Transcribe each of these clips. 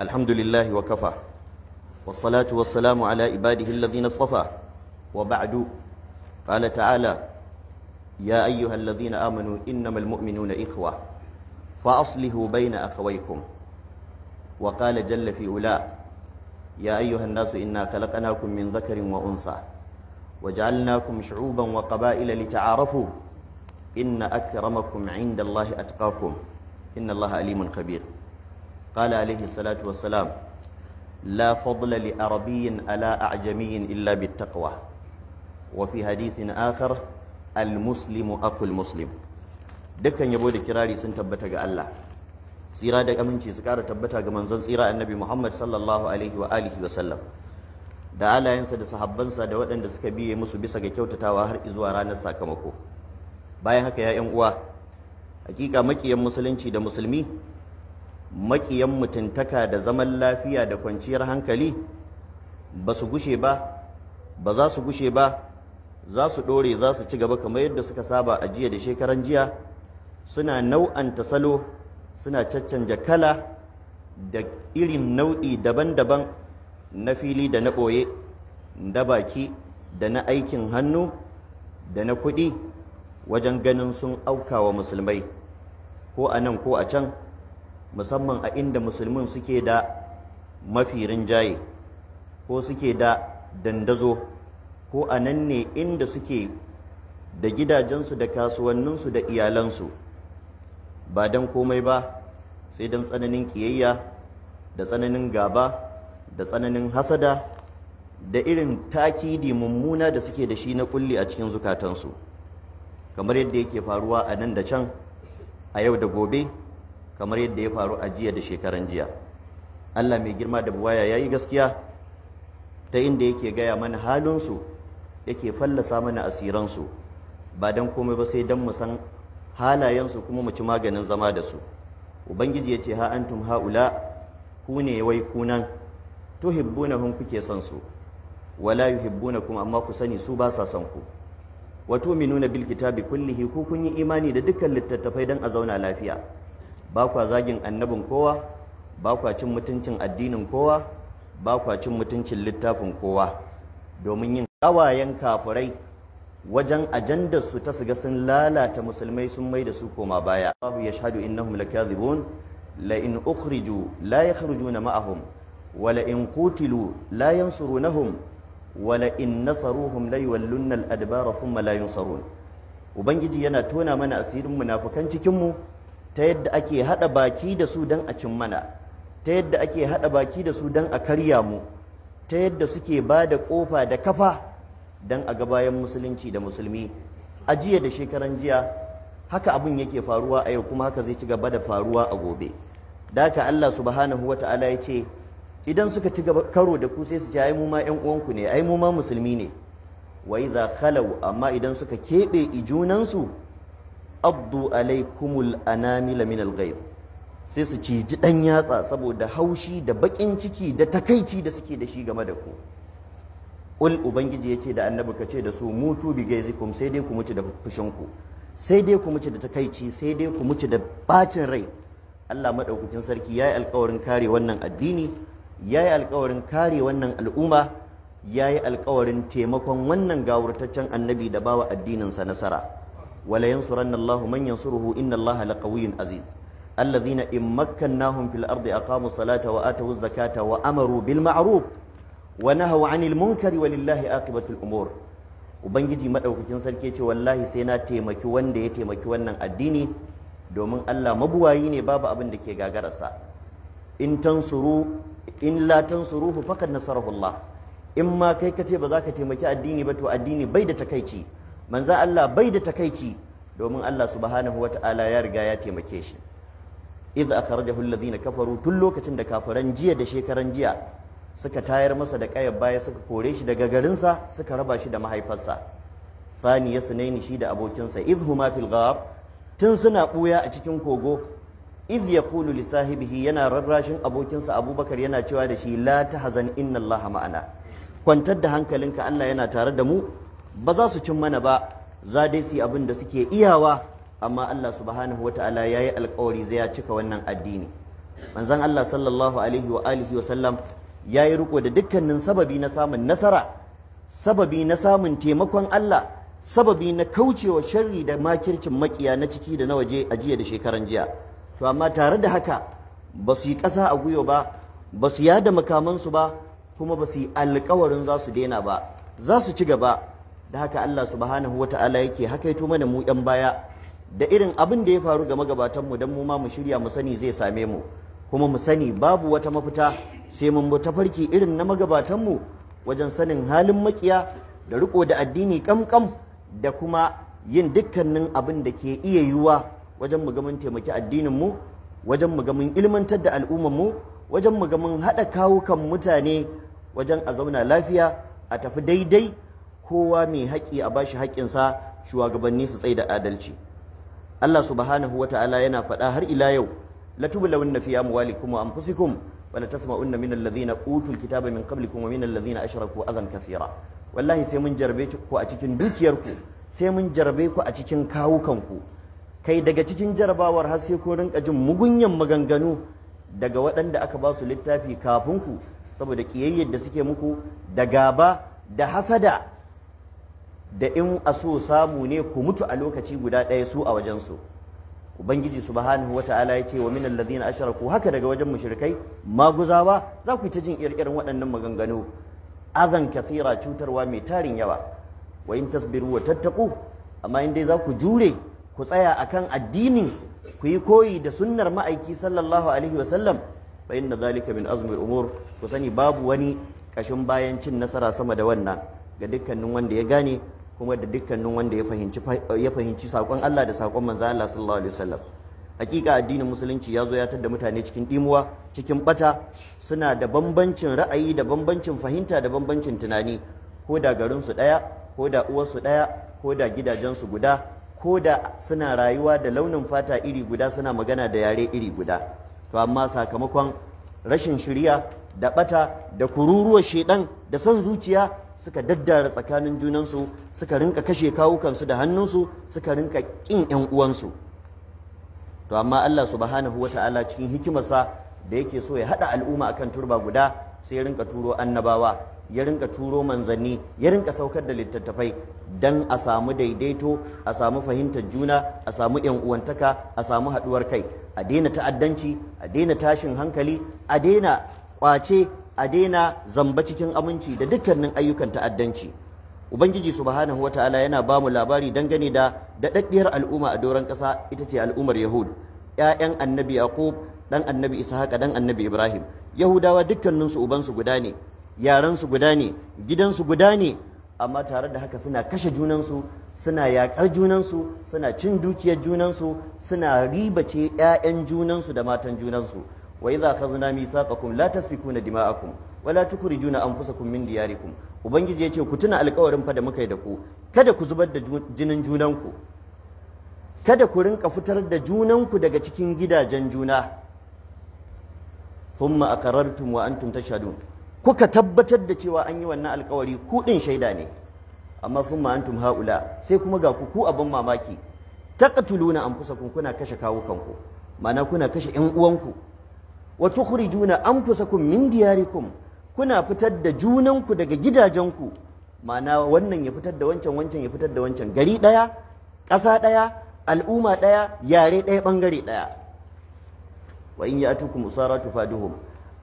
الحمد لله وكفى والصلاة والسلام على عباده الذين اصطفى وبعد قال تعالى يا أيها الذين آمنوا إنما المؤمنون إخوة فأصلحوا بين أخويكم وقال جل في أولى يا أيها الناس إنا خلقناكم من ذكر وأنثى وجعلناكم شعوبا وقبائل لتعارفوا إن أكرمكم عند الله أتقاكم إن الله أليم خبير قال عليه الصلاة والسلام لا فضل لعربي على أعجمي إلا Wafi hadisin حديث آخر المسلم أخو المسلم dukkan yabo da kirari sun tabbata ga Allah tsira da aminci su kara tabbata ga manzon tsira annabi Muhammad sallallahu alaihi wa wa sallam da alayensa da sahabbansa da waɗanda suka biye musu bisa ga kyautatawa har zuwa ranar sakamako bayan haka ya 'yan uwa hakika makiyan musulunci da musulmi maƙiyan mutuntaka da zaman lafiya da kwanciyar hankali ba su gushe ba ba za su gushe ba za su ɗore za su ci gaba kamar yadda suka saba a jiya da shekaran jiya suna nau'anta salo suna caccanja kala da irin nau'i daban-daban na fili da na ɓoye da baki da na aikin hannu da na kuɗi wajen ganin sun auka wa musulmai ko a nan ko a can musamman a inda musulmin suke da mafi rinjaye ko suke da dandazo ko a nan ne inda suke da gidajensu da kasuwanninsu da iyalansu ba don komai ba sai don tsananin kiyayya da tsananin gaba da tsananin hasada da irin takidi mummuna da suke da shi na kulli a cikin zukatansu kamar yadda yake faruwa a nan da can a yau da gobe kamar yadda ya faru a jiya da shekaran jiya Allah mai girma da buwaya ya yi gaskiya ta inda yake gaya mana halinsu yake fallasa mana asiransu ba don komai ba sai don mu san halayensu kuma mu ci maganin zama da su ubangiji ya ce ha antum haula ku ne wai kunan hun kuke son su wala kuma amma ku sani su ba sa son ku wa tu'minuna bil kitabi kullihi ku kun yi imani da dukkan littattafai don a zauna lafiya ba kwa zagin annabin kowa ba kwa cin mutuncin addinin kowa ba kwa cin mutuncin littafin kowa domin yin kawayen kafirai wajen ajandar su ta siga sun lalata musulmai sun mai da su koma baya babu yashhadu innahum lakadhibun la in ukhriju la yakhrujuna ma'ahum wa la in qutilu la yansurunahum wa la in nasaruhum la yuwallunna al-adbara thumma la yunsarun ubangiji yana tona mana asirin munafukan cikin mu ta yadda ake haɗa baki da su don a cin mana ta yadda ake haɗa baki da su don a karya mu ta yadda suke ba da ƙofa da kafa don a bayan musulunci da musulmi a jiya da shekaran jiya haka abin yake faruwa a yau kuma haka zai ci gaba da faruwa a gobe da Allah subhanahu wa ta'ala ya ce idan suka ci gaba karo da ku sai su ce aimuma mu ƴan uwanku ne ai musulmi ne Wai za khalau amma idan suka keɓe ijunansu abdu alaikumul anamila min alghayr sai su ciji dan yatsa saboda haushi da bakin ciki da takaici da suke da shi game da ku ul ubangiji yace da annabi kace da su mutu bi gaizikum sai dai ku mutu da fushin ku sai dai ku mutu da takaici sai dai ku mutu da bacin rai Allah madaukakin sarki yayi alƙawarin kare wannan addini yayi alƙawarin kare wannan al'umma yayi alƙawarin taimakon wannan gawurtaccen annabi da bawa addinin sa nasara wala yansuranna Allahu man yansuruhu inna Allaha laqawiyyun aziz alladhina in makkannahum fil ardi aqamu salata wa atawu zakata wa amaru bil ma'ruf wa nahaw 'anil munkari walillahi aqibatul umur ubangiji madaukakin sarki ce wallahi sai na taimaki wanda ya taimaki wannan addini domin Allah mabuwayi ne babu abin da ke gagararsa in tansuru in la tansuruhu faqad nasarahu in ma kai kace ba za ka taimaki addini ba to addini bai da takaici manzan Allah bai da takaici domin Allah subhanahu wata'ala ya riga ya taimake shi idh akhrajahu alladhina kafaru tun lokacin da kafiran jiya da shekaran jiya suka tayar masa da kayar baya suka kore shi daga garinsa suka raba shi da mahaifarsa fani ya sunaini shi da abokinsa idh huma fil ghab tun suna buya a cikin kogo idh yaqulu li sahibihi yana rarrashin abokinsa abubakar yana cewa da shi la tahzan inna allaha ma'ana kwantar da hankalinka Allah yana tare da mu ba za su cin mana ba za dai su yi abin da suke iyawa amma Allah subhanahu ya yi alkawari zai ya cika wannan addini manzon Allah sallallahu alaihi wa alihi wa sallam ya yi riko da dukkanin sababi na samun nasara sababi na samun taimakon Allah sababi na kaucewa sharri da makircin makiya na ciki da na waje a jiya da shekaran jiya to amma tare da haka ba su yi ƙasa a gwiwa ba ba su yada makamansu ba kuma ba su yi alkawarin za su daina ba za su ci gaba da haka Allah subhanahu ta'ala yake hakaito mana mu yan baya da irin abin da ya faru ga magabatan mu dan mu ma mu shirya mu sani zai same mu kuma mu sani babu wata mafita sai mun bi tafarki irin na magabatan mu wajen sanin halin makiya da riko da addini kamkam da kuma yin dukkanin abin da ke iya yiwuwa wajen mu ga taimaki addinin mu wajen mu ga ilmantar da al'ummar mu wajen mu ga mun haɗa kawukan mutane wajen a zauna lafiya a tafi daidai kowa mai haƙƙi a bashi haƙƙinsa shugabanni su tsaye da adalci Allah subhanahu wa ta'ala yana faɗa har ila yau latublawunna fi amwalikum wa anfusikum wala tasma'unna min alladhina utul kitaba min qablikum wa min alladhina ashraku adhan kathira wallahi sai mun jarbe ku a cikin dukiyarku sai mun jarbe ku a cikin kawukanku kai daga cikin jarabawar har sai ku rinka jin mugunyan maganganu daga waɗanda aka ba su littafi kafin ku saboda kiyayyar da suke muku da gaba da hasada da in a so samu ne ku mutu a lokaci guda ɗaya su a wajensu ubangiji subhanahu ta'ala ya ce wa min alladhina ku haka daga wajen mushrikai maguzawa za ku ta jin irin waɗannan maganganu azan kathira cutarwa mai tarin yawa wa in tasbiru wa tattaku amma in dai za ku jure ku tsaya akan addinin ku yi koyi da sunnar ma'aiki sallallahu alaihi wa sallam fa inna zalika min azmil umur ku sani babu wani kashin bayan cin nasara sama da wannan ga dukkanin wanda ya gane kuma da dukkanin wanda ya fahimci saƙon Allah da saƙon manzo Allah sallallahu alaihi wasallam hakika addinin musulunci ya zo ya tar da mutane cikin dimuwa cikin bata suna da bambancin ra'ayi da bambancin fahimta da bambancin tunani ko da garinsu su daya ko da uwarsu daya ko da gidajen su guda ko da suna rayuwa da launin fata iri guda suna magana da yare iri guda to amma sakamakon rashin shirya, da bata da kururuwar shedan da son zuciya suka daddara tsakanin junansu suka rinka kashe kawukansu da hannunsu suka rinka ƙin 'yan uwansu to amma Allah subhanahu wata'ala cikin hikimarsa da yake so ya haɗa al'umma akan turba guda sai ya rinka turo annabawa ya rinka turo manzanni ya rinka saukar da littattafai dan a samu daidaito a samu fahimtar juna a samu yan uwantaka a samu haɗuwar kai a daina ta'addanci a daina tashin hankali a daina kwace a daina zamba cikin aminci da dukkanin ayyukan ta'addanci ubangiji subhanahu wataala yana ba mu labari dangane da daɗaɗɗiyar al'umma a doron ƙasa ita ce al'ummar yahud ƴaƴan annabi yaqub dan annabi ishaqa dan annabi ibrahim yahudawa dukkaninsu ubansu guda ne yaransu guda ne gidansu guda ne amma tare da haka suna kashe junansu suna yakar junansu suna cin dukiyar junansu suna ribace 'ya'yan junansu da matan junansu wa idza akhadna mithaqakum la tasfikuna dima'akum wa la tukhrijuna anfusakum min diyarikum ubangiji yace ku tuna alƙawarin fa da muka yi da ku kada ku zubar da jinin junanku kada ku rinka fitar da junanku daga cikin gidajen juna thumma aqarrartum wa antum tashhadun kuka tabbatar da cewa an yi wannan alkawari ku din shaida ne amma thumma antum haula sai kuma ga ku ku abin mamaki taqtuluna anfusakum kuna kashe kawukanku mana kuna kashe ƴan uwanku wa an anfusakum min diyarikum kuna fitar da junanku daga ku. ma'ana wannan ya fitar da wancan wancan ya fitar da wancan gari daya ƙasa daya al'umma daya yare daya bangare daya wa in ya'tukum usara tufaduhum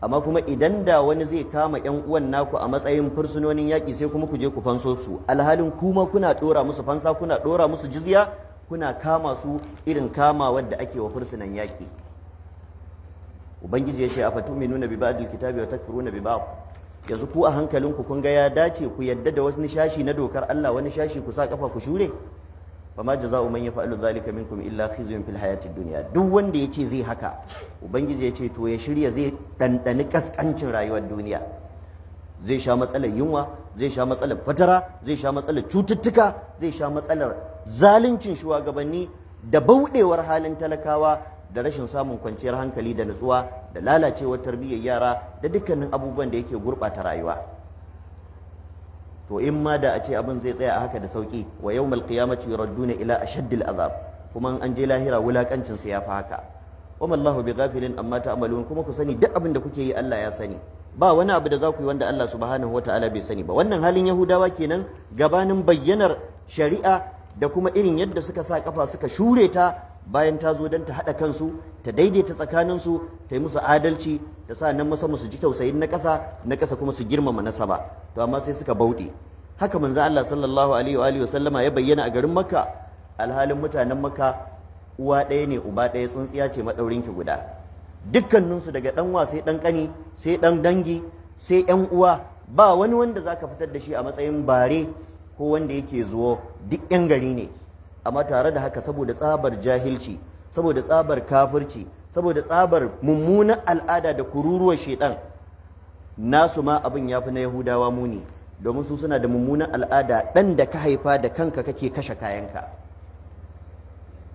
amma kuma idan da wani zai kama yan uwan naku a matsayin fursunonin yaƙi sai kuma ku je ku fanso su alhalin kuma kuna dora musu fansa kuna dora musu jizya kuna kama su irin kama wadda ake wa fursunan yaƙi ubangiji ya ce a nuna bi ba'dil kitabi wa takfuruna bi biba yanzu ku a hankalinku kun ga ya dace ku yadda da wasu shashi na dokar Allah wani shashi ku sa kafa ku shure fama jaza'u man yaf'alu dhalika minkum illa khizyun fil hayatid duniya duk wanda ya ce zai haka ubangiji ya ce to ya shirya zai dandani kaskancin rayuwar duniya zai sha matsalar yunwa zai sha matsalar fatara zai sha matsalar cututtuka zai sha matsalar zaluncin shugabanni da bauɗewar halin talakawa da rashin samun kwanciyar hankali da nutsuwa da lalacewar tarbiyyar yara da dukkanin abubuwan da yake gurɓata rayuwa to in ma da a ce abin zai tsaya a haka da sauki wa yau mal qiyamati yuradduna ila ashaddil azab kuma an je lahira wulakancin sa yafi haka wa mallahu ghafilin amma ta'malun kuma ku sani duk abin da kuke yi Allah ya sani ba wani abu da za ku yi wanda Allah subhanahu wataala bai sani ba wannan halin yahudawa kenan gabanin bayyanar shari'a da kuma irin yadda suka sa kafa suka shure ta bayan ta zo don ta haɗa kansu ta daidaita tsakaninsu ta yi musu adalci ta sa nan masa musu ji tausayin na ƙasa na ƙasa kuma su girmama nasaba to amma sai suka bauɗe haka manzo Allah sallallahu alaihi wa sallama ya bayyana a garin Makka alhalin mutanen Makka uwa ɗaya ne uba ɗaya tsuntsiya ce maɗaurinki guda dukkaninsu daga ɗan wa sai ɗan ƙani sai ɗan dangi sai ƴan uwa ba wani wanda zaka fitar da shi a matsayin bare ko wanda yake zuwa duk ƴan gari ne amma tare da haka saboda tsabar jahilci saboda tsabar kafirci saboda tsabar mummunan al'ada da kururuwar shaidan nasu ma abin ya fi na yahudawa muni domin su suna da mummunan al'ada ɗan da ka haifa da kanka kake kashe kayanka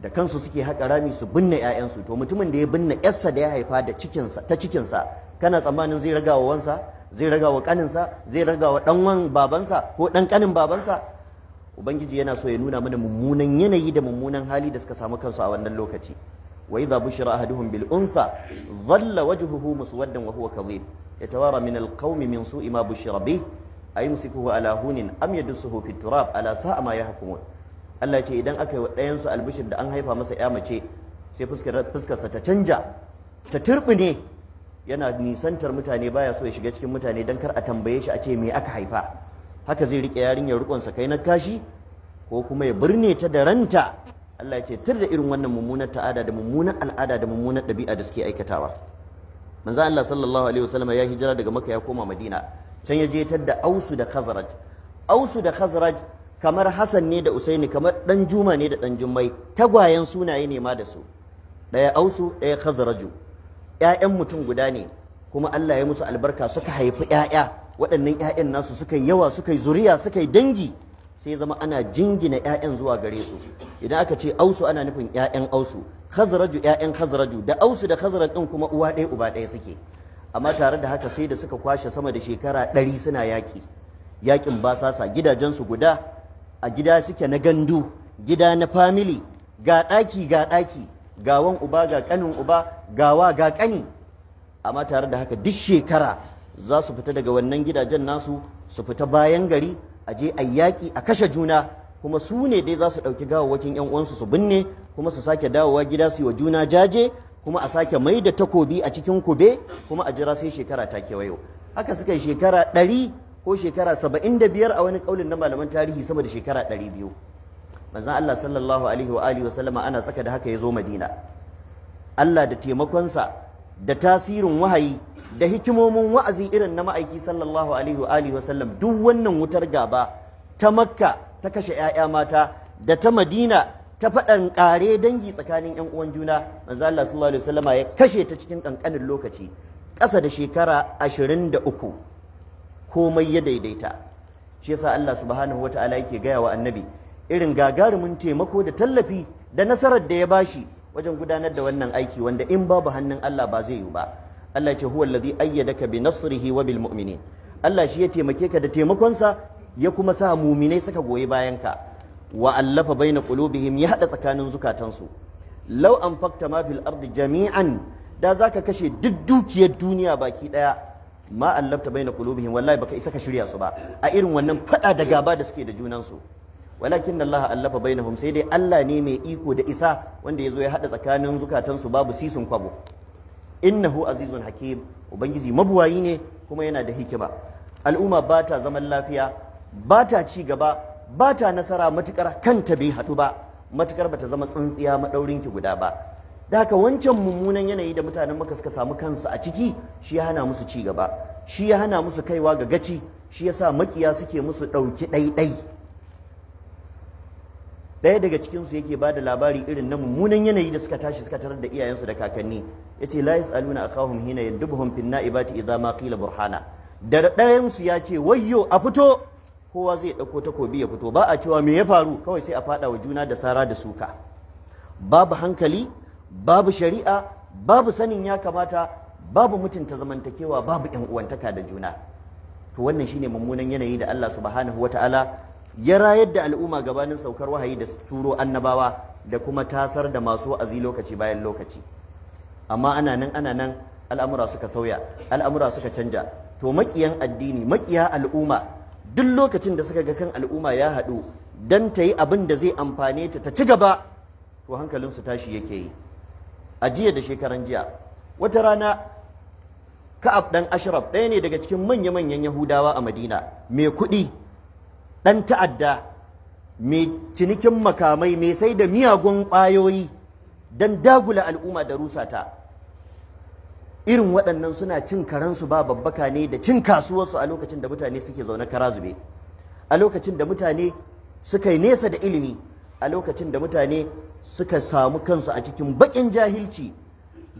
da kansu suke haƙa rami su binne 'ya'yansu to mutumin da ya binne 'yarsa da ya haifa da cikinsa ta cikinsa kana tsammanin zai ragawa wansa zai ragawa kaninsa zai ragawa wan babansa ko ɗan kanin babansa ubangiji yana so ya nuna mana mummunan yanayi da mummunan hali da suka samu kansu a wannan lokaci wa idza bushira ahaduhum bil untha dhalla wajhuhu muswaddan wa huwa kadhib yatawara min al qawmi min su'i ma bushira bih ayumsikuhu ala hunin am yadsuhu fit turab ala sa'a ma yahkumun Allah ce idan aka yi ɗayan su albishir da an haifa masa ya mace sai fuskarsa ta canja ta turbine yana nisantar mutane baya so ya shiga cikin mutane don kar a tambaye shi a ce me aka haifa haka zai rike yarinyar rukon kai na kashi ko kuma ya birne ta da ranta Allah ya ce tur da irin wannan mummunar ta'ada da mummunar al'ada da mummunar ɗabi'a da suke aikatawa manzo Allah sallallahu alaihi wasallam ya hijira daga Makka ya koma Madina can ya je tar da Ausu da Khazraj Ausu da Khazraj kamar Hassan ne da Usaini kamar dan Juma ne da dan Jummai tagwayen sunaye ne ma da su daya Ausu daya Khazraju ƴaƴan mutum guda ne kuma Allah ya musu albarka suka haifi ya'ya. waɗannan 'ya'yan nasu suka yi yawa suka yi zuriya suka yi dangi sai zama ana jingina 'ya'yan zuwa gare su idan aka ce ausu ana nufin 'ya'yan ausu khazraju 'ya'yan khazraju da ausu da khazraj din kuma uwa ɗaya uba ɗaya suke amma tare da haka sai da suka kwashe sama da shekara ɗari suna yaƙi yaƙin basasa gidajensu guda a gida suke na gandu gida na famili ga ɗaki ga ɗaki gawan uba ga ƙanin uba gawa ga ƙani amma tare da haka duk shekara za su fita daga wannan gidajen nasu su fita bayan gari a je a yaƙi a kashe juna kuma su ne dai za su ɗauki gawawwakin 'yan uwansu su binne kuma su sake dawowa gida su yi wa juna jaje kuma a sake mai da takobi a cikin kube kuma a jira sai shekara ta kewayo haka suka yi shekara ɗari ko shekara saba'in da biyar a wani ƙaunin na malaman tarihi sama da shekara ɗari biyu manzan Allah sallallahu alaihi wa alihi wasallama ana tsaka da haka ya zo Madina Allah da taimakonsa da tasirin wahayi da hikimomin wa'azi irin na ma'aiki sallallahu alaihi wa sallam duk wannan wutar gaba ta makka ta kashe 'ya'ya mata da ta madina ta faɗan ƙare dangi tsakanin 'yan uwan juna manzo Allah sallallahu alaihi wasallam ya kashe ta cikin ƙanƙanin lokaci ƙasa da shekara 23 komai ya daidaita shi yasa Allah subhanahu wataala yake gaya wa annabi irin gagarumin taimako da tallafi da nasarar da ya bashi wajen gudanar da wannan aiki wanda in babu hannun Allah ba zai yi ba Allah ce huwa allazi ayyadaka bi nasrihi wa bil mu'minin Allah shi ya taimake ka da taimakonsa ya kuma sa muminai suka goyi bayanka wa allafa baina qulubihim ya hada tsakanin zukatansu law anfaqta ma fil ardi jami'an da zaka kashe duk dukiyar duniya baki daya ma allafta baina qulubihim wallahi baka isa ka shirya su ba a irin wannan fada da gaba da suke da junansu walakin Allah allafa bainahum sai dai Allah ne mai iko da isa wanda yazo ya hada tsakanin zukatansu babu sisun kwabo innahu azizun hakim ubangiji mabuwayi ne kuma yana da hikima al'umma ba ta zaman lafiya ba ta ci gaba ba ta nasara matukar kanta bai haɗu ba matukar ba ta zama tsintsiya ki guda ba da haka wancan mummunan yanayi da mutanen maka suka samu kansu a ciki shi ya hana musu ci gaba shi ya hana musu kaiwa ga gaci shi ya sa makiya suke musu ɗauki ɗaiɗai daya daga cikin su yake ba da labari irin na mummunan yanayi da suka tashi suka tarar da iyayensu da kakanni ya ce la yas'aluna akahum hina yadubuhum fin na'ibati idza ma qila burhana da ɗayansu ya ce wayyo a fito kowa zai ɗauko takobi ya fito ba a cewa me ya faru kawai sai a fada wa juna da sara da suka babu hankali babu shari'a babu sanin ya kamata babu mutunta zamantakewa babu yan uwantaka da juna to wannan shine mummunan yanayi da Allah subhanahu wataala ya rayar da al'umma gabanin saukar wahayi da turo annabawa da kuma tasar da masu wa'azi lokaci bayan lokaci amma ana nan ana nan al'amura suka sauya al'amura suka canja to makiyan addini makiya al'umma duk lokacin da suka ga kan al'umma ya haɗu don ta yi abin da zai amfane ta ta ci gaba to hankalinsu tashi yake yi a jiya da shekaran jiya wata rana ka'ab ɗan ashraf ɗaya ne daga cikin manya-manyan yahudawa a madina mai kuɗi ɗan ta'adda mai cinikin makamai mai sai da miyagun ƙwayoyi don dagula al'umma da rusata irin waɗannan suna cin karansu ba babbaka ne da cin kasuwarsu a lokacin da mutane suke zaune kara zube a lokacin da mutane suka yi nesa da ilimi a lokacin da mutane suka samu kansu a cikin baƙin jahilci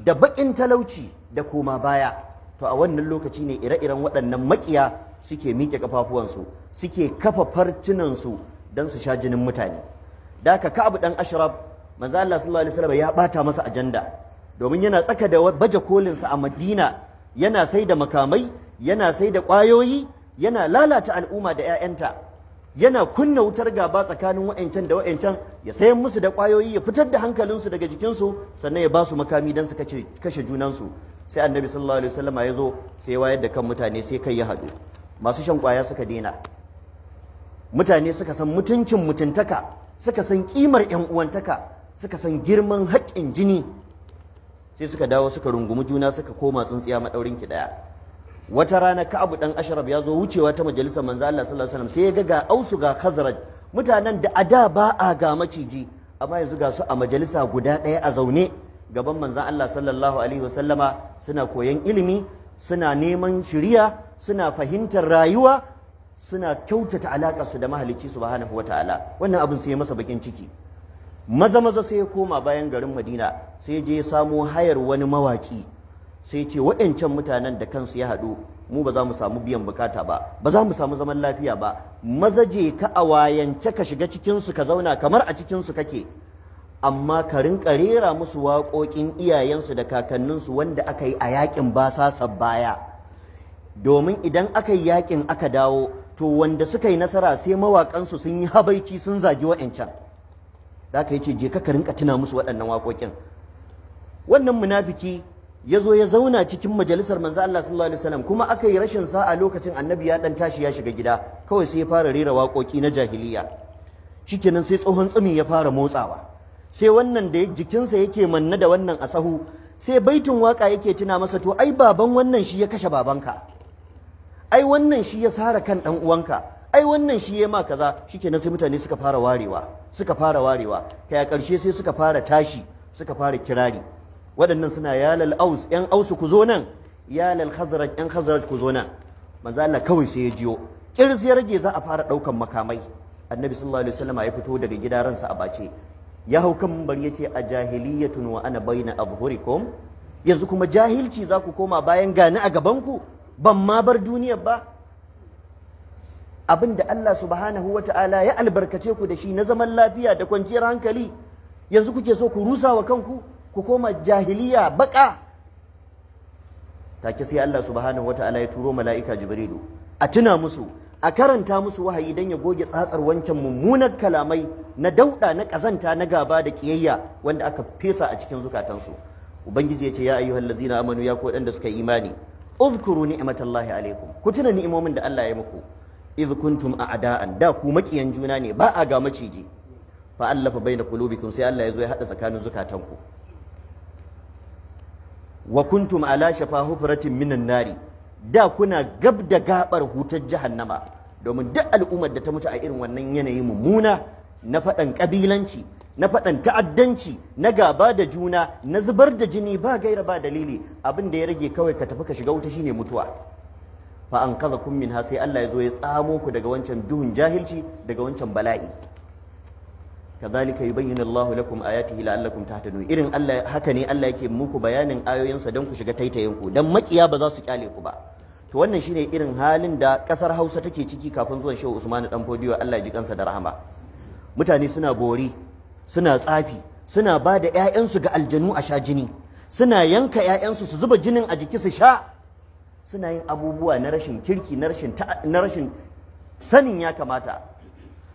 da baƙin talauci da koma baya to a wannan lokaci ne ire-iren waɗannan maƙiya suke miƙe kafafuwansu suke kafa farcinansu don su sha jinin mutane da ka ka'abu dan ashraf manzo Allah sallallahu alaihi wasallam ya bata masa ajanda domin yana tsaka da baje kolinsa a Madina yana sai da makamai yana sai da ƙwayoyi yana lalata al'umma da 'ya'yanta yana kunna wutar gaba tsakanin wa'ancan da wa'ancan ya sayan musu da ƙwayoyi ya fitar da hankalinsu daga jikinsu sannan ya ba su makami don su kashe junansu sai annabi sallallahu alaihi wasallam ya zo sai wayar da kan mutane sai kai ya haɗu masu shan kwaya suka daina mutane suka san mutuncin mutuntaka suka san kimar yan uwantaka suka san girman haƙƙin jini sai suka dawo suka rungumi juna suka koma tsintsiya madaurin ki daya wata rana ka abu ɗan Ashraf ya zo wucewa ta majalisar manzo Allah sallallahu alaihi wasallam sai ya ga ga Ausu ga Khazraj mutanen da ada ba a ga maciji amma yanzu ga su a majalisa guda ɗaya a zaune gaban manzo Allah sallallahu alaihi wasallama suna koyan ilimi suna neman shiriya suna fahimtar rayuwa suna kyautata alaƙa su da mahalicci subhanahu ta'ala wannan abin sai masa bakin ciki maza maza sai ya koma bayan garin Madina sai je ya samo hayar wani mawaki sai ce waɗancan mutanen da kansu ya haɗu mu ba za mu samu biyan bukata ba ba za mu samu zaman lafiya ba maza je ka a wayance ka shiga cikin su ka zauna kamar a cikinsu kake amma ka rinka rera musu waƙoƙin iyayensu da kakanninsu wanda aka yi a yaƙin basasa baya domin idan aka yi yakin aka dawo to wanda suka yi nasara sai mawakansu sun yi habaici sun zagi wa'ancan za ka yi ce je ka rinka tuna musu waɗannan waƙoƙin wannan munafiki ya zo ya zauna cikin majalisar manzo Allah sallallahu alaihi wasallam kuma aka yi rashin sa'a lokacin annabi ya dan tashi ya shiga gida kawai sai ya fara rera waƙoƙi na jahiliya shikenan sai tsohon tsumi ya fara motsawa sai wannan da jikinsa yake manna da wannan asahu. sai baitin waka yake tuna masa to ai baban wannan shi ya kashe babanka ai wannan shi ya sara kan dan uwanka ai wannan shi ya ma kaza shikenan sai mutane suka fara warewa suka fara warewa kai a ƙarshe sai suka fara tashi suka fara kirari waɗannan suna yalal aus yan ausu ku zo nan yalal khazraj yan khazraj ku zo nan manzo Allah kawai sai ya jiyo kirzi ya rage za a fara ɗaukan makamai annabi sallallahu alaihi wasallam ya fito daga gida ransa a bace ya hau kan ya ce a jahiliyatun wa ana baina adhhurikum yanzu kuma jahilci za ku koma bayan gani a gabanku? ban ma bar duniya ba abin da Allah subhanahu wa ta'ala ya albarkace ku da shi na zaman lafiya da kwanciyar hankali yanzu kuke so ku rusa wa kanku ku koma jahiliya baka take sai Allah subhanahu wa ta'ala ya turo mala'ika jibrilu a tuna musu a karanta musu wahayi don ya goge tsatsar wancan mummunar kalamai na dauda na kazanta na gaba da kiyayya wanda aka fesa a cikin zukatansu ubangiji ya ce ya ayyuhallazina amanu ya ko waɗanda suka imani uzkuru ni'matallahi alaikum ku tuna ni'imomin da Allah ya muku iz kuntum a'da'an da ku makiyan juna ne ba a ga maciji fa allafa baina qulubikum sai Allah ya zo ya hada tsakanin zukatanku wa kuntum ala shafa hufratin minan nari da kuna gab da gabar hutar jahannama domin duk al'ummar da ta mutu a irin wannan yanayin mummuna na faɗan kabilanci. na faɗan ta'addanci na gaba da juna na zubar da jini ba gaira ba dalili abin da ya rage kawai ka tafi ka shiga wuta shine mutuwa fa an kaza kun min sai Allah ya zo ya tsamo ku daga wancan duhun jahilci daga wancan bala'i kadhalika yubayyinu Allah lakum ayatihi la'allakum tahtadu irin Allah haka ne Allah yake muku bayanin ayoyinsa don ku shiga taitayen ku dan makiya ba za su kyale ku ba to wannan shine irin halin da kasar Hausa take ciki kafin zuwan Shehu Usman dan Fodiyo Allah ya ji kansa da rahama mutane suna bori suna tsafi suna ba da 'ya'yansu ga aljanu a sha jini suna yanka 'ya'yansu su zuba jinin a jiki su sha suna yin abubuwa na rashin kirki na rashin sanin ya kamata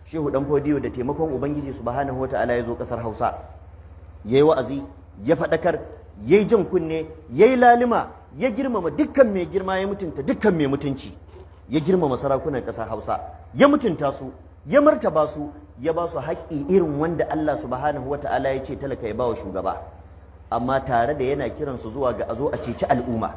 shehu dan fodiyo da taimakon ubangiji su subhanahu wataala ya zo kasar hausa yayi wa'azi ya fadakar yayi jin kunne yayi lalima ya girmama dukkan mai girma ya mutunta dukkan mai mutunci ya girmama sarakunan kasar hausa ya mutunta su ya martaba su ya ba su haƙƙi irin wanda Allah subhanahu ta'ala ya ce talaka ya bawa shugaba amma tare da yana kiran su zuwa ga a a ceci al'umma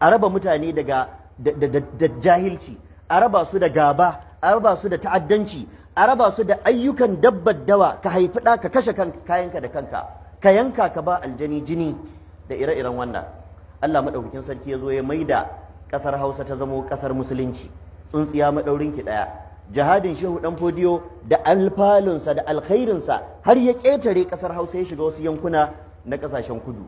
a raba mutane daga da jahilci a raba su da gaba a raba su da ta'addanci a raba su da ayyukan dabbar dawa ka haifi ɗa ka kashe kayanka da kanka ka yanka ka ba aljani jini da ire-iren wannan Allah maɗaukakin sarki ya zo ya maida ƙasar Hausa ta zamo ƙasar musulunci tsuntsiya maɗaurinki ɗaya jihadin shehu dan fodiyo da alfalunsa da alkhairinsa har ya ƙetare ƙasar hausa ya shiga wasu yankuna na ƙasashen kudu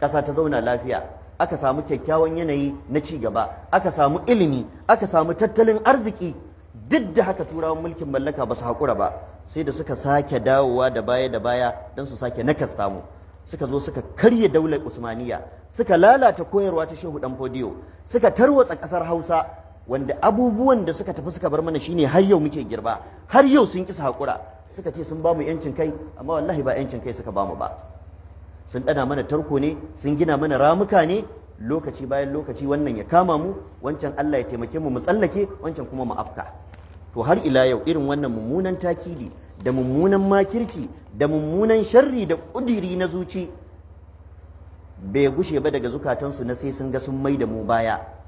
ƙasa ta zauna lafiya aka samu kyakkyawan yanayi na ci gaba aka samu ilimi aka samu tattalin arziki duk da haka turawan mulkin mallaka ba su haƙura ba sai da suka sake dawowa da baya da baya don su sake nakasta mu suka zo suka karya daular usmaniya suka lalata koyarwa ta shehu dan fodiyo suka tarwatsa ƙasar hausa wanda abubuwan da suka tafi suka bar mana shine har yau muke girba har yau sun kisa hakura suka ce sun ba mu yancin kai amma wallahi ba yancin kai suka ba mu ba sun dana mana tarko ne sun gina mana ramuka ne lokaci bayan lokaci wannan ya kama mu wancan Allah ya taimake mu mu tsallake wancan kuma mu afka to har ila yau irin wannan mummunan takidi da mummunan makirci da mummunan sharri da kudiri na zuci bai gushe ba daga zukatansu na sai sun ga sun mai da mu baya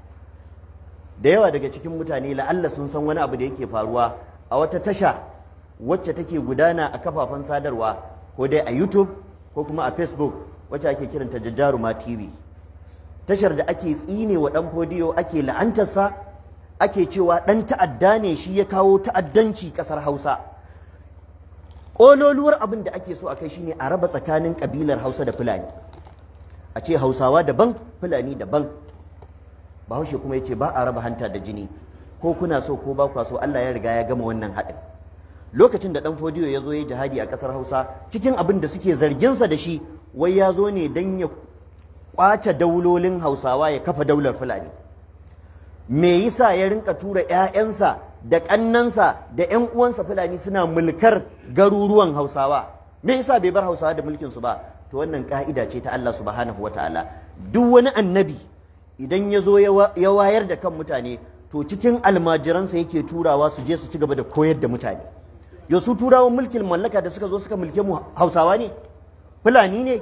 da yawa daga cikin mutane la'alla sun san wani abu da yake faruwa a wata tasha wacce take gudana a kafafen sadarwa ko dai a youtube ko kuma a facebook wacce ake kiranta jajjaruma tv tashar da ake tsine wa dan fodiyo ake la'antarsa ake cewa dan ta'adda ne shi ya kawo ta'addanci kasar hausa ƙololuwar abin da ake so a kai shine a raba tsakanin kabilar hausa da fulani a ce hausawa daban fulani daban bahaushe kuma yace ba a raba hanta da jini ko kuna so ko ba kwa so Allah ya riga ya gama wannan haɗin lokacin da dan fodiyo ya zo ya jihadi a ƙasar Hausa cikin abin da suke zarginsa da shi wai ya zo ne dan ya kwace daulolin Hausawa ya kafa daular Fulani me yasa ya rinka tura ƴaƴansa da ƙannansa da ƴan uwansa Fulani suna mulkar garuruwan Hausawa me yasa bai bar Hausawa da mulkin su ba to wannan ƙa'ida ce ta Allah subhanahu wataala duk wani annabi idan ya zo ya wayar da kan mutane to cikin almajiransa yake turawa su je su ci gaba da koyar da mutane Ya su turawa mulkin mallaka da suka zo suka mulke mu hausawa ne fulani ne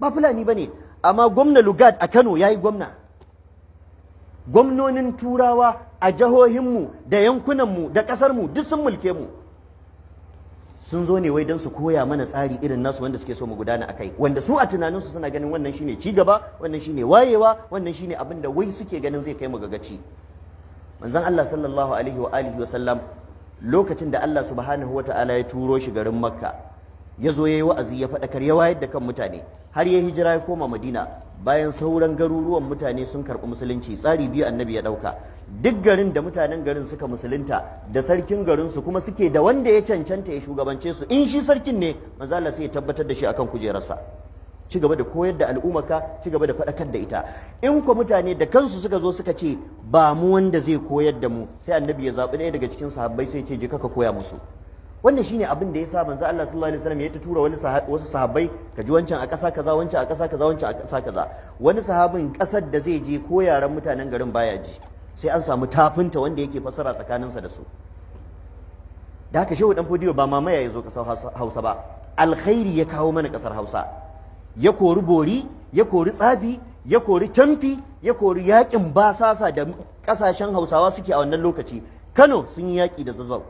ba fulani ba ne amma gwamna lugad a kano ya yi gwamna gwamnonin turawa a jihohinmu da yankunanmu da ƙasarmu duk sun mulke mu sun zo ne wai don su koya mana tsari irin nasu wanda suke so mu gudana akai wanda su a tunaninsu suna ganin wannan shine ci gaba wannan shine wayewa wannan shine abin da wai suke ganin zai kai mu ga gaci manzon Allah sallallahu alaihi wa alihi wa sallam lokacin da Allah subhanahu wa ta'ala ya turo shi garin Makka ya zo yayi wa'azi ya faɗakar ya wayar da kan mutane har ya hijira ya koma Madina bayan sauran garuruwan mutane sun karɓi musulunci tsari biyu annabi ya ɗauka duk garin da mutanen garin suka musulunta da sarkin garin su kuma suke da wanda ya cancanta ya shugabance su in shi sarkin ne manzo sai ya tabbatar da shi akan kujerarsa ci gaba da koyar da ka. ci gaba da faɗakar da ita in ku mutane da kansu suka zo suka ce ba mu wanda zai koyar da mu sai annabi ya zabi ɗaya daga cikin sahabbai sai ce je ka koya musu wannan shine abin da ya sa manzo Allah sallallahu alaihi wasallam ya ta tura wani wasu sahabbai ka ji wancan a ƙasa kaza wancan a ƙasa kaza wancan a ƙasa kaza wani sahabin ƙasar da zai je ko yaran mutanen garin baya ji sai an samu tafinta wanda yake fasara tsakaninsa da su da haka shehu dan fodiyo ba mamaya ya zo kasar hausa ba alkhairi ya kawo mana kasar hausa ya kori bori ya kori tsafi ya kori tamfi ya kori yakin basasa da kasashen hausawa suke a wannan lokaci kano sun yi yaki da zazzau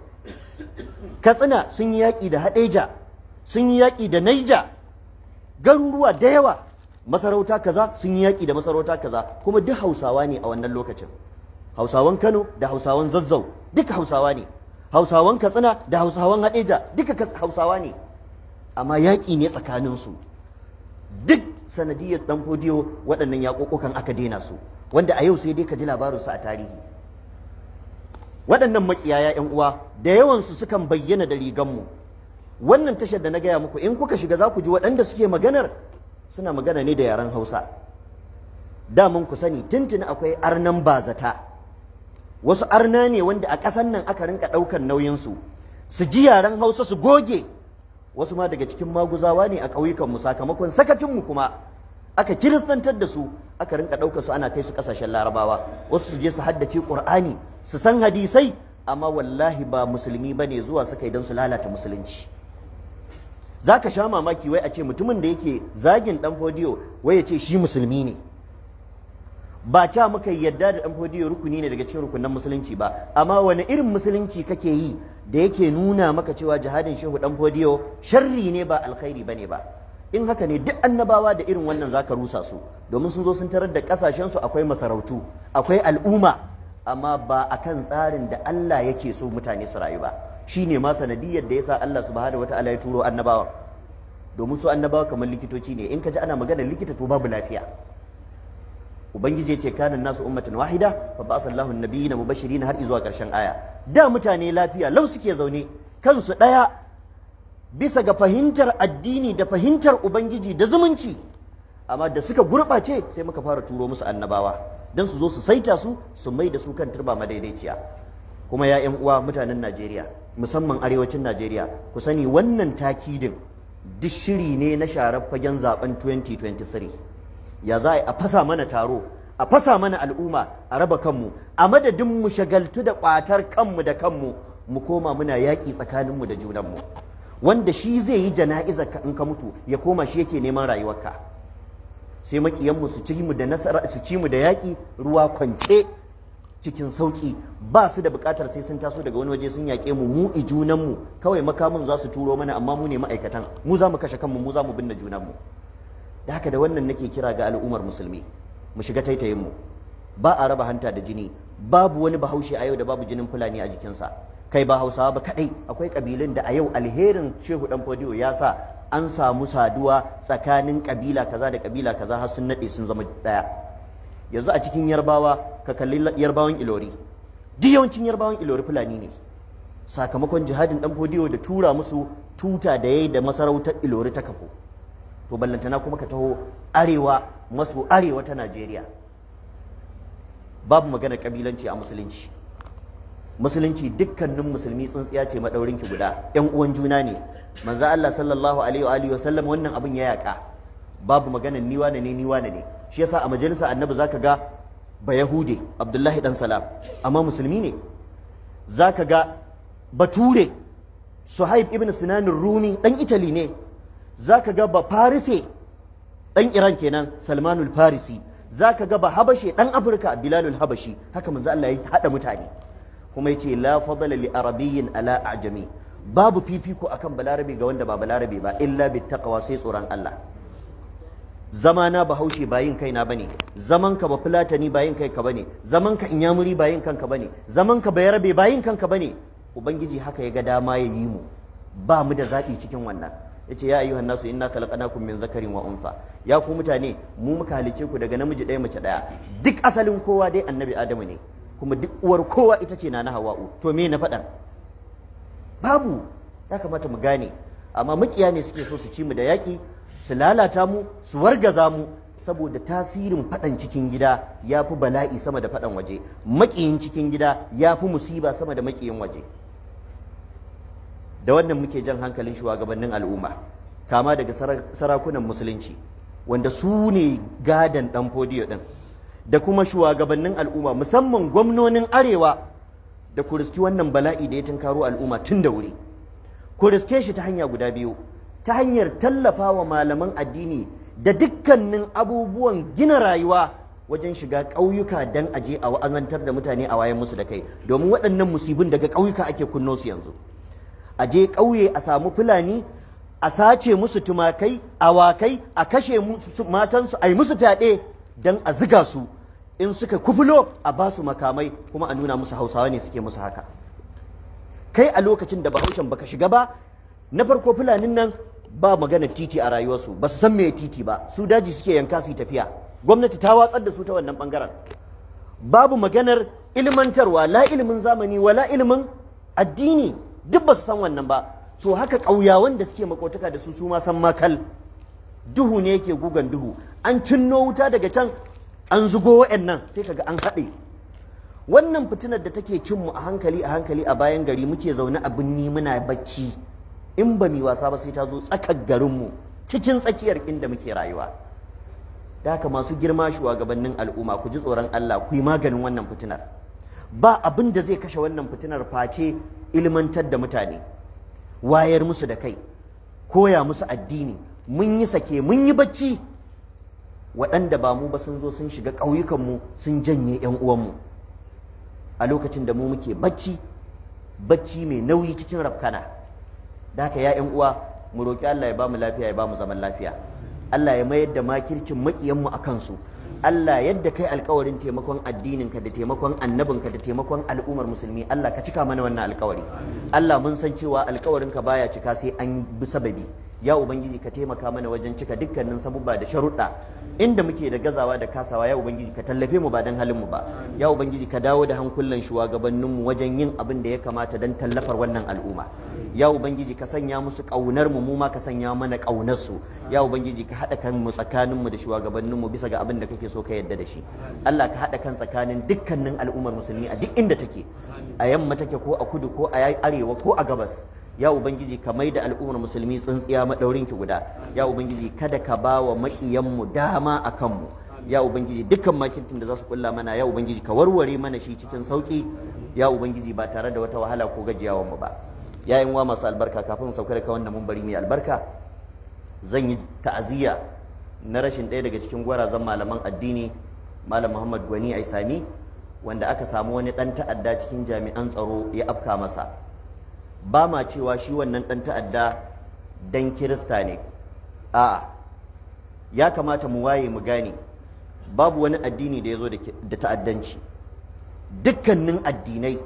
katsina sun yi yaki da hadeja sun yi yaki da naija garuruwa da yawa masarauta kaza sun yi yaki da masarauta kaza kuma duk hausawa ne a wannan lokacin hausawan kano da hausawan zazzau duka hausawa ne hausawan katsina da hausawan hadeja duka hausawa ne amma yaƙi ne tsakaninsu duk sanadiyar ɗan fodiyo waɗannan yaƙoƙokan aka daina su wanda a yau sai dai ka ji labarinsu a tarihi waɗannan makiyaya 'yan uwa da yawan su sukan bayyana da mu wannan tashar da na gaya muku in kuka shiga za ku ji waɗanda suke maganar suna magana ne da yaren hausa damun ku sani tuntuni akwai arnan bazata wasu arna ne wanda a ƙasan nan aka rinka ɗaukar nauyinsu su ji yaren hausa su goge wasu ma daga cikin maguzawa ne a ƙauyukanmu sakamakon sakacinmu kuma aka kiristantar da su aka rinka ɗaukar su ana kai su ƙasashen larabawa wasu su je su haddace ƙur'ani su san hadisai amma wallahi ba musulmi ba ne zuwa suka don su lalata musulunci za ka sha mamaki wai a ce mutumin da yake zagin ɗan fodiyo wai ya ce shi musulmi ne ba ca muka yadda da dan fodiyo rukuni ne daga cikin rukunan musulunci ba amma wani irin musulunci kake yi da yake nuna maka cewa jihadin shehu dan fodiyo sharri ne ba alkhairi bane ba in haka ne duk annabawa da irin wannan zaka rusa su domin sun zo sun tarar da kasashen su akwai masarautu akwai al'umma amma ba akan tsarin da Allah yake so mutane su rayu ba shine ma sanadiyar da yasa Allah su subhanahu wataala ya turo annabawa domin su annabawa kamar likitoci ne in ka ji ana magana likita to babu lafiya ubangiji ya ce kanan nasu ummatan wahida fa ba'atha Allahu an na mubashirin har zuwa karshen aya da mutane lafiya lau suke zaune kansu daya bisa ga fahimtar addini da fahimtar ubangiji da zumunci amma da suka gurbace sai muka fara turo musu annabawa dan su zo su saita su su mai da su kan turba madaidaiciya kuma ya yan uwa mutanen Najeriya musamman arewacin Najeriya ku sani wannan takidin duk shiri ne na sharar fagen zaben 2023 ya za a fasa mana taro a fasa mana al'umma a raba kanmu a madadin mu shagaltu da kwatar kanmu da kanmu mu koma muna yaƙi tsakaninmu da junanmu wanda shi zai yi jana'izar in ka mutu ya koma shi yake neman rayuwarka sai makiyanmu su ci mu da nasara su ci mu da yaƙi ruwa kwance cikin sauƙi ba su da buƙatar sai sun taso daga wani waje sun yaƙe mu mu junanmu kawai makamin za su turo mana amma mu ne ma'aikatan mu za mu kashe kanmu mu za mu binne junanmu da haka da wannan nake kira ga al'ummar musulmi mu shiga taitayin mu ba a raba hanta da jini babu wani bahaushe a yau da babu jinin fulani a jikinsa kai ba hausawa ba kadai akwai kabilun da a yau alherin shehu dan fodiyo ya sa an samu saduwa tsakanin kabila kaza da kabila kaza har sun nade sun zama daya yanzu a cikin yarbawa ka kalli yarbawan ilori duk yawancin yarbawan ilori fulani ne sakamakon jihadin dan fodiyo da tura musu tuta da yayi da masarautar ilori ta kafo to ballantana kuma ka taho arewa maso arewa ta Najeriya babu magana kabilanci a musulunci musulunci dukkanin musulmi tsintsiya ce madaurin ki guda Yan uwan juna ne manzo Allah sallallahu alaihi wa alihi sallam wannan abin ya yaka babu magana ni wane ne ni wane ne shi yasa a majalisa annabi zaka ga ba yahude abdullahi dan salam amma musulmi ne zaka ga bature suhaib ibn sinan rumi dan italy ne Zaka ga ba farise ɗan iran kenan salmanul farisi Zaka ga ba habashe ɗan afirka bilalul habashi haka manzo Allah ya haɗa mutane kuma ya ce la fadala li arabiyyin ala ajami babu fifiko akan balarabe ga wanda ba balarabe ba illa bi sai tsoron Allah zama na bahaushe bayin kai na bane zaman ka ba fulatani bayin kai ka bane zaman ka inyamuri bayin kanka bane zaman ka bayarabe ba kanka bane ubangiji haka ya ga dama ya yi mu ba mu da zaɓi cikin wannan yace ya ayyuhan nasu inna khalaqnakum min zakarin wa unsa ya ku mutane mu muka halice ku daga namiji ɗaya mace ɗaya duk asalin kowa dai annabi adamu ne kuma duk uwar kowa ita ce na hawa'u to me na faɗa babu ya kamata mu gane amma makiya ne suke so su ci mu da yaƙi su lalata mu su wargaza mu saboda tasirin faɗan cikin gida ya fi bala'i sama da faɗan waje maƙiyin cikin gida ya fi musiba sama da makiyin waje da wannan muke jan hankalin shugabannin al'umma kama daga sarakunan musulunci wanda su ne gadan dan fodiyo din da kuma shugabannin al'umma musamman gwamnonin arewa da ku riski wannan bala'i da ya tunkaro al'umma tun da wuri ku riske shi ta hanya guda biyu ta hanyar tallafa wa malaman addini da dukkanin abubuwan gina rayuwa wajen shiga ƙauyuka don aje a wa'azantar da mutane a wayan musu da kai domin waɗannan musibin daga ƙauyuka ake kunno su yanzu a je ƙauye a samu fulani a sace musu tumakai awakai a kashe matansu a yi musu fyaɗe don a ziga su in suka kufulo a ba su makamai kuma a nuna musu hausawa ne suke musu haka kai a lokacin da bahaushen baka shiga ba na farko fulanin nan ba magana titi a rayuwarsu ba su san me titi ba su daji suke yanka su tafiya gwamnati ta watsar da su ta wannan bangaren babu maganar ilmantarwa la ilimin zamani wala ilimin addini duk ba su san wannan ba to haka ƙauyawan da suke makotaka da su su ma san makal duhu ne yake gugan duhu an cinno wuta daga can an zugo wa'annan sai kaga an haɗe wannan fitinar da take cin mu a hankali a hankali a bayan gari muke zaune a binni muna bacci in ba mi wasa ba sai ta zo tsakar garin mu cikin tsakiyar inda muke rayuwa da haka masu girma shugabannin al'umma ku ji tsoron Allah ku yi maganin wannan fitinar ba abin da zai kashe wannan fitinar face ilmantar da mutane wayar musu da kai koya musu addini mun yi sake mun yi bacci waɗanda ba mu ba sun zo sun shiga ƙauyukanmu sun janye 'yan uwanmu a lokacin da mu muke bacci bacci mai nauyi cikin rafkana da haka ya 'yan uwa mu roƙi Allah ya ba mu lafiya ya ba mu zaman lafiya Allah ya mayar da makircin maƙiyanmu a kansu Allah yadda kai alkawarin taimakon addininka da taimakon annabinka da taimakon al'ummar musulmi Allah ka cika mana wannan alkawari Allah mun san cewa alkawarinka baya cika sai an bi sababi ya ubangiji ka taimaka mana wajen cika dukkanin sabubba da sharuɗa inda muke da gazawa da kasawa ya ubangiji ka tallafe mu ba dan halin mu ba ya ubangiji ka dawo da hankulan shugabannin mu wajen yin abin da ya kamata dan tallafar wannan al'umma ya ubangiji ka sanya musu kaunar mu mu ma ka sanya mana kaunar su ya ubangiji ka hada kan mu tsakanin mu da shugabannin mu bisa ga abin da kake so ka yadda da shi Allah ka hada kan tsakanin dukkanin al'ummar musulmi a duk inda take a yamma take ko a kudu ko a arewa ko a gabas ya ubangiji ka maida al'ummar musulmi tsintsiya madaurin ki guda ya ubangiji kada ka bawa makiyan mu dama akan mu ya ubangiji dukkan makintin da za su kulla mana ya ubangiji ka warware mana shi cikin sauki ya ubangiji ba tare da wata wahala ko gajiyawan mu ba yayin wa masu albarka kafin sauka daga wannan bari mai albarka zan yi ta'aziyya na rashin ɗaya daga cikin gwarazan malaman addini malam Muhammad Gwani Aisami wanda aka samu wani ɗan ta'adda cikin jami'an tsaro ya afka masa ba ma cewa shi wannan ɗan ta'adda dan kirista ne a'a ya kamata mu waye mu gane babu wani addini da ya zo da ta'addanci dukkanin addinai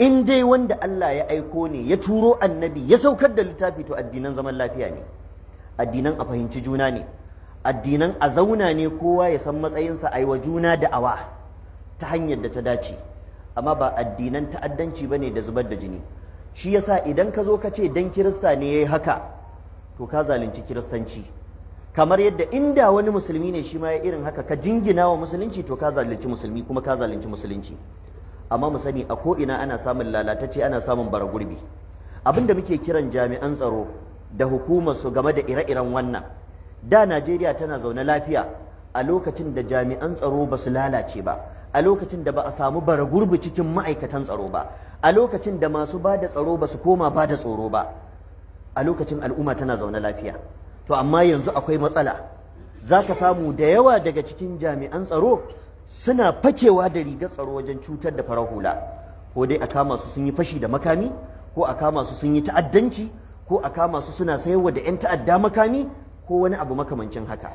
in dai wanda Allah ya aiko ne ya turo annabi ya saukar da littafi to addinan zaman lafiya ne addinan a fahimci juna ne addinan a zauna ne kowa ya san matsayinsa a yi wa juna awa ta hanyar da ta dace amma ba addinan ta'addanci ba ne da zubar da jini shi yasa idan ka zo ka ce dan kirista ne ya yi haka to ka zalunci kiristanci kamar yadda inda wani musulmi ne shi ma ya irin haka ka jingina wa musulunci to ka zalunci musulmi kuma ka zalunci musulunci amma mu sani a ko ina ana samun lalatacce ana samun bara gurbi abinda muke kiran jami'an tsaro da hukumar su game da ire-iren wannan da Najeriya tana zaune lafiya a lokacin da jami'an tsaro ba su lalace ba a lokacin da ba a samu bara gurbi cikin ma'aikatan tsaro ba a lokacin da masu ba da tsaro ba su koma ba da tsoro ba a lokacin al'umma tana zaune lafiya to amma yanzu akwai matsala za ka samu da yawa daga cikin jami'an tsaro suna fakewa da rigar tsaro wajen cutar da farar hula ko dai a kama su sun yi fashi da makami ko a kama su sun yi ta'addanci ko a kama su suna sayarwa da 'yan ta'adda makami ko wani abu makamancin haka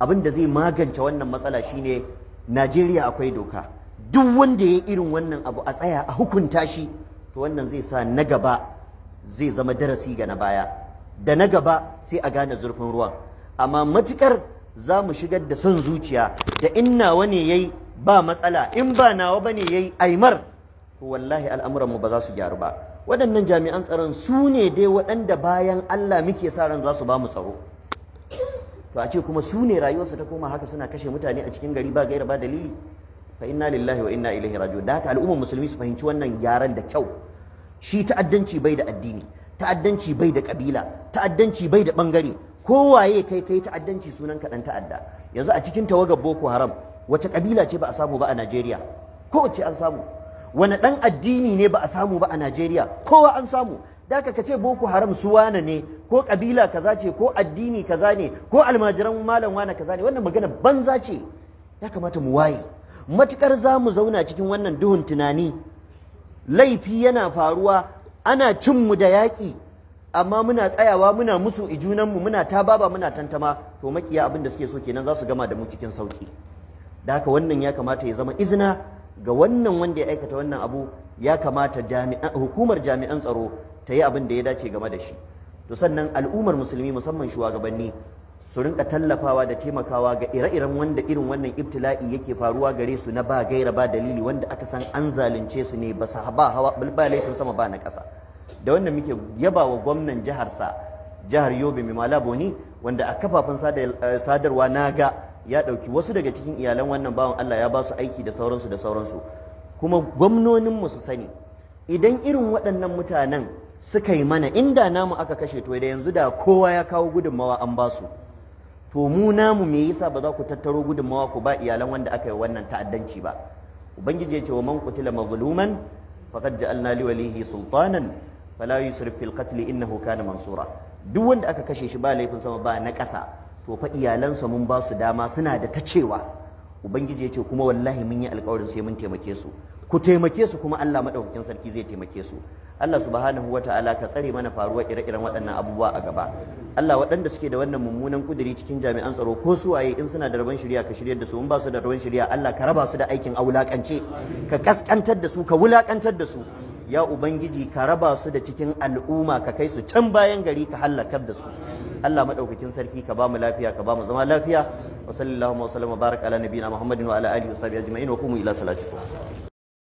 abin da zai magance wannan matsala shine najeriya akwai doka duk wanda ya irin wannan abu a tsaya a hukunta shi to wannan zai sa na gaba zai zama darasi ga na baya da na gaba sai a gane zurfin ruwan amma matukar za mu shigar da son zuciya da in nawa ne yayi ba matsala in ba nawa ya yayi aimar to wallahi al'amuranmu ba za su gyaru ba waɗannan jami'an tsaron su ne dai waɗanda bayan Allah muke sa ran za su ba mu tsaro to a ce kuma su ne rayuwarsa ta koma haka suna kashe mutane a cikin gari ba gaira ba dalili fa inna lillahi wa inna ilaihi raji'un da haka al'ummar musulmi su fahimci wannan gyaran da kyau shi ta'addanci bai da addini ta'addanci bai da kabila ta'addanci bai da bangare kowaye kai kai ta'addanci sunan kaɗan ta'adda yanzu a cikin tawagar boko haram wace kabila ce ba a samu ba a Najeriya Ko ce an samu wani dan addini ne ba a samu ba a Najeriya kowa an samu daka ka ce boko haram su wane ne ko kabila kaza ce ko addini kaza ne ko almajiran malam wane kaza ne wannan magana banza ce ya kamata mu waye matukar za mu zauna cikin wannan duhun tunani laifi yana faruwa ana cin mu da yaƙi amma muna tsayawa muna musu ijunanmu muna ta baba muna tantama to makiya abin da suke so kenan za su gama da mu cikin sauki da haka wannan ya kamata ya zama izina ga wannan wanda ya aikata wannan abu ya kamata hukumar jami'an tsaro ta yi abin da ya dace game da shi to sannan al'ummar musulmi musamman shugabanni su rinka tallafawa da taimakawa ga ire-iren wanda irin wannan ibtila'i yake faruwa gare su na ba gaira ba dalili wanda aka san an zalunce su ne ba ba laifin sama ba na ƙasa da wanda muke yaba wa gwamnan jiharsa jihar Yobe mai Malaboni wanda a kafafen eh, sadarwa na ga ya ɗauki wasu daga cikin iyalan wannan bawan Allah ya ba su aiki da sauransu da sauransu kuma gwamnoninmu su sani idan irin waɗannan mutanen suka yi mana inda namu aka kashe to da yanzu da kowa ya kawo gudunmawa an ba su to mu namu me yasa ba za ku tattaro gudunmawa ku ba iyalan wanda aka yi wannan ta'addanci ba ubangiji ya ce wa man qutila mazluman faqad ja'alna walihi sultanan fala yusrif fil qatl innahu kana mansura duk wanda aka kashe shi ba laifin sama ba na ƙasa to fa sa mun basu dama suna da ta cewa ubangiji ya ce kuma wallahi mun yi alƙawarin sai mun taimake su ku taimake su kuma Allah madaukakin sarki zai taimake su Allah subhanahu wata'ala ka tsare mana faruwa ire-iren waɗannan abubuwa a gaba Allah waɗanda suke da wannan mummunan kuduri cikin jami'an tsaro ko su waye in suna da rabon shirya ka shiryar da su in ba su da rabon shirya Allah ka raba su da aikin a wulakance ka kaskantar da su ka wulakantar da su ya ubangiji ka raba su da cikin al'umma ka kai su can bayan gari ka halakar da su Allah maɗaukakin sarki ka ba mu lafiya ka ba mu zama lafiya wa sallallahu wa sallama baraka ala nabiyina muhammadin wa ala alihi wa sahbihi ajma'in wa qumu ila salatikum